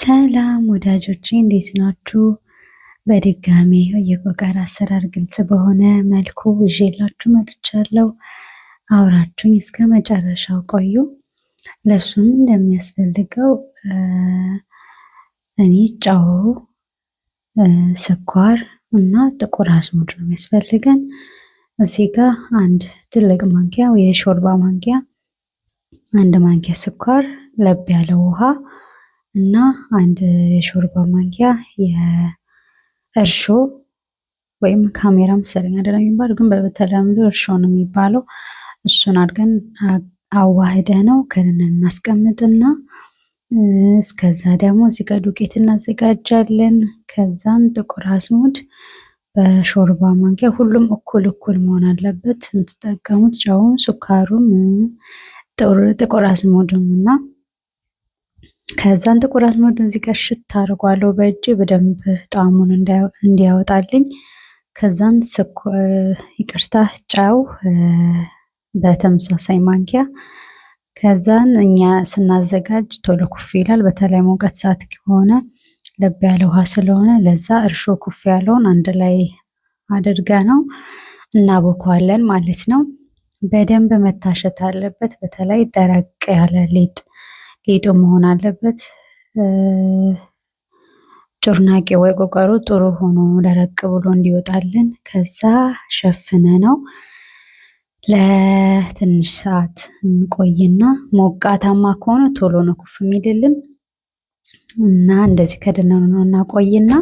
ሰላም ወዳጆቼ እንዴት ናችሁ? በድጋሚ የቆቀር አሰራር ግልጽ በሆነ መልኩ ይዤላችሁ መጥቻለሁ። አውራችሁኝ እስከ መጨረሻው ቆዩ። ለሱም እንደሚያስፈልገው እኔ ጨው፣ ስኳር እና ጥቁር አዝሙድ ነው የሚያስፈልገን። እዚህ ጋ አንድ ትልቅ ማንኪያ የሾርባ ማንኪያ፣ አንድ ማንኪያ ስኳር፣ ለብ ያለው ውሃ እና አንድ የሾርባ ማንኪያ የእርሾ ወይም ካሜራ መሰለኝ አይደል የሚባለው ግን በተለምዶ እርሾ ነው የሚባለው። እሱን አድርገን አዋህደ ነው ከንን እናስቀምጥና እስከዛ ደግሞ እዚህ ጋር ዱቄት እናዘጋጃለን። ከዛን ጥቁር አስሙድ በሾርባ ማንኪያ ሁሉም እኩል እኩል መሆን አለበት። የምትጠቀሙት ጨውም፣ ሱካሩም ጥቁር አስሙድም እና ከዛን ጥቁር አዝሙድ እዚህ ጋር ሽት አድርጓለሁ በእጅ በደንብ ጣዕሙን እንዲያወጣልኝ። ከዛን ይቅርታ ጨው በተመሳሳይ ማንኪያ። ከዛን እኛ ስናዘጋጅ ቶሎ ኩፍ ይላል። በተለይ ሙቀት ሰዓት ከሆነ ለብ ያለ ውሃ ስለሆነ ለዛ እርሾ ኩፍ ያለውን አንድ ላይ አድርገ ነው እናቦኳለን ማለት ነው። በደንብ መታሸት አለበት። በተለይ ደረቅ ያለ ሊጥ ሊጡ መሆን አለበት። ጮርናቄ ወይ ቆቀሩ ጥሩ ሆኖ ደረቅ ብሎ እንዲወጣልን ከዛ ሸፍነ ነው ለትንሽ ሰዓት እንቆይና ሞቃታማ ከሆነ ቶሎ ነው ኩፍ የሚልልን እና እንደዚህ ከደነኑ ነው እናቆይና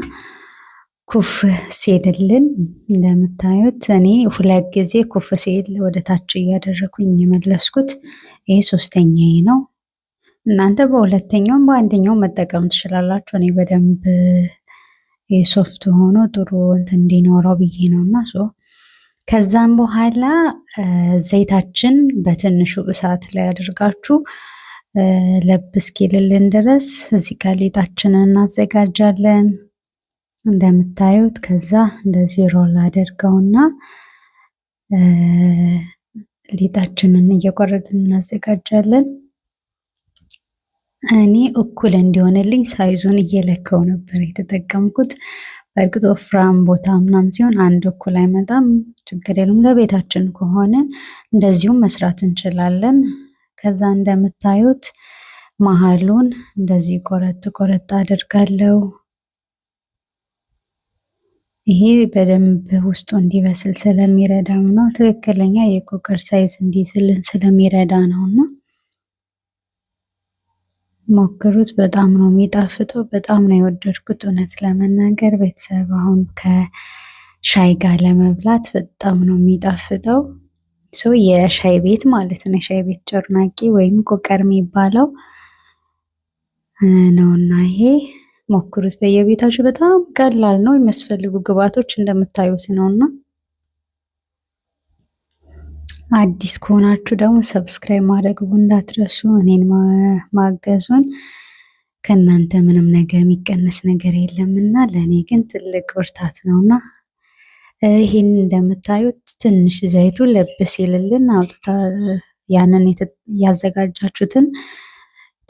ኩፍ ሲልልን እንደምታዩት እኔ ሁለት ጊዜ ኩፍ ሲል ወደ ታች እያደረኩኝ የመለስኩት ይህ ሶስተኛዬ ነው። እናንተ በሁለተኛውም በአንደኛው መጠቀም ትችላላችሁ። እኔ በደንብ የሶፍት ሆኖ ጥሩ እንትን እንዲኖረው ብዬ ነው እና ከዛም በኋላ ዘይታችን በትንሹ እሳት ላይ አድርጋችሁ ለብ እስኪልልን ድረስ እዚህ ጋር ሊጣችንን እናዘጋጃለን። እንደምታዩት ከዛ እንደዚህ ሮል አድርገውና ሊጣችንን እየቆረጥን እናዘጋጃለን። እኔ እኩል እንዲሆንልኝ ሳይዙን እየለካው ነበር የተጠቀምኩት። በእርግጥ ወፍራም ቦታ ምናምን ሲሆን አንድ እኩል አይመጣም፣ ችግር የለም። ለቤታችን ከሆነ እንደዚሁም መስራት እንችላለን። ከዛ እንደምታዩት መሀሉን እንደዚህ ቆረጥ ቆረጥ አድርጋለው። ይሄ በደንብ ውስጡ እንዲበስል ስለሚረዳ ነው። ትክክለኛ የኮከር ሳይዝ እንዲስልን ስለሚረዳ ነው እና ሞክሩት። በጣም ነው የሚጣፍጠው። በጣም ነው የወደድኩት። እውነት ለመናገር ቤተሰብ አሁን ከሻይ ጋር ለመብላት በጣም ነው የሚጣፍጠው። ሰው የሻይ ቤት ማለት ነው። የሻይ ቤት ጮርናቄ ወይም ቆቀር የሚባለው ነውና ይሄ ሞክሩት በየቤታችሁ። በጣም ቀላል ነው። የሚያስፈልጉ ግብአቶች እንደምታዩት ነውና አዲስ ከሆናችሁ ደግሞ ሰብስክራይብ ማድረግ እንዳትረሱ። እኔን ማገዙን ከእናንተ ምንም ነገር የሚቀነስ ነገር የለምና ለእኔ ግን ትልቅ ብርታት ነውና ይህን እንደምታዩት ትንሽ ዘይቱ ለብ ሲልልን አውጥታ ያንን ያዘጋጃችሁትን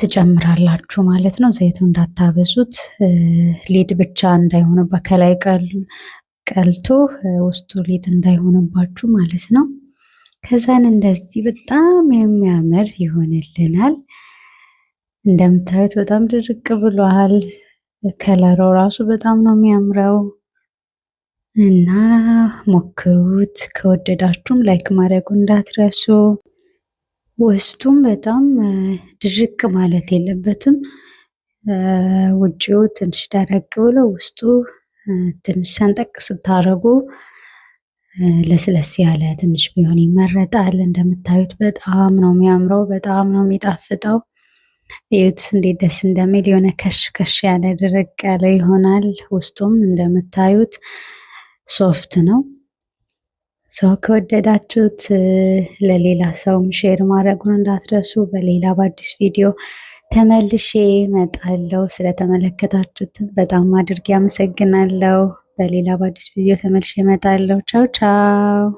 ትጨምራላችሁ ማለት ነው። ዘይቱ እንዳታበዙት፣ ሊጥ ብቻ እንዳይሆንባ ከላይ ቀልቶ ውስጡ ሊጥ እንዳይሆንባችሁ ማለት ነው። ከዛን እንደዚህ በጣም የሚያምር ይሆንልናል። እንደምታዩት በጣም ድርቅ ብሏል። ከለሮ ራሱ በጣም ነው የሚያምረው እና ሞክሩት። ከወደዳችሁም ላይክ ማድረጉ እንዳትረሱ። ውስጡም በጣም ድርቅ ማለት የለበትም። ውጭው ትንሽ ደረቅ ብሎ ውስጡ ትንሽ ሰንጠቅ ስታደርጉ ለስለስ ያለ ትንሽ ቢሆን ይመረጣል። እንደምታዩት በጣም ነው የሚያምረው፣ በጣም ነው የሚጣፍጠው። እዩት እንዴት ደስ እንደሚል የሆነ ከሽ ከሽ ያለ ድርቅ ያለ ይሆናል። ውስጡም እንደምታዩት ሶፍት ነው። ሰው ከወደዳችሁት ለሌላ ሰውም ሼር ማድረጉን እንዳትረሱ። በሌላ በአዲስ ቪዲዮ ተመልሼ እመጣለሁ። ስለተመለከታችሁት በጣም አድርጌ አመሰግናለሁ። በሌላ በአዲስ ቪዲዮ ተመልሼ እመጣለሁ። ቻው ቻው።